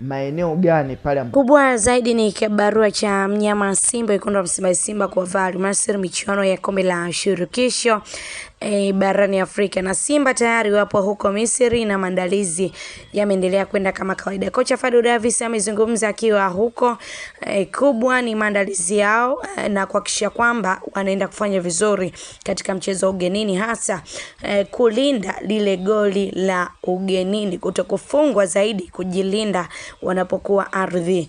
maeneo gani pale ambapo kubwa zaidi ni kibarua cha mnyama Simba, Wekundu msimba Simba kwa VAR michuano ya kombe la shirikisho e, barani Afrika na Simba tayari wapo huko Misri na maandalizi yameendelea kwenda kama kawaida. Kocha Fadu Davis amezungumza akiwa huko e, kubwa ni maandalizi yao e, na kuhakikisha kwamba wanaenda kufanya vizuri katika mchezo wa ugenini hasa e, kulinda lile goli la ugenini kutokufungwa zaidi, kujilinda wanapokuwa ardhi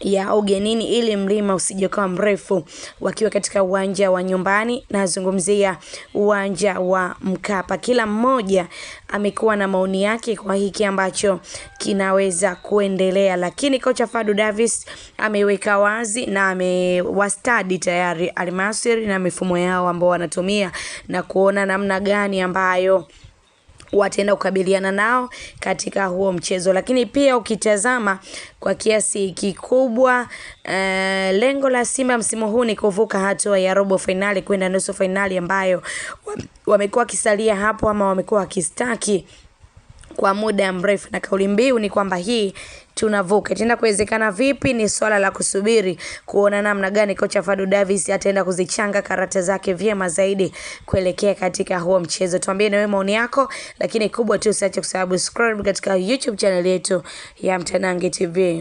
ya ugenini ili mlima usije kuwa mrefu, wakiwa katika uwanja wa nyumbani. Nazungumzia uwanja wa Mkapa. Kila mmoja amekuwa na maoni yake kwa hiki ambacho kinaweza kuendelea, lakini kocha Fadu Davis ameweka wazi na amewastadi tayari Almasri na mifumo yao ambao wanatumia na kuona namna gani ambayo wataenda kukabiliana nao katika huo mchezo. Lakini pia ukitazama kwa kiasi kikubwa uh, lengo la Simba msimu huu ni kuvuka hatua ya robo fainali kwenda nusu fainali ambayo wamekuwa wakisalia hapo ama wamekuwa wakistaki kwa muda mrefu, na kauli mbiu ni kwamba hii tunavuka. Itaenda kuwezekana vipi? Ni swala la kusubiri kuona namna gani kocha Fadu Davis ataenda kuzichanga karata zake vyema zaidi kuelekea katika huo mchezo. Tuambie na wewe maoni yako, lakini kubwa tu usiache kusubscribe katika YouTube channel yetu ya Mtanange TV.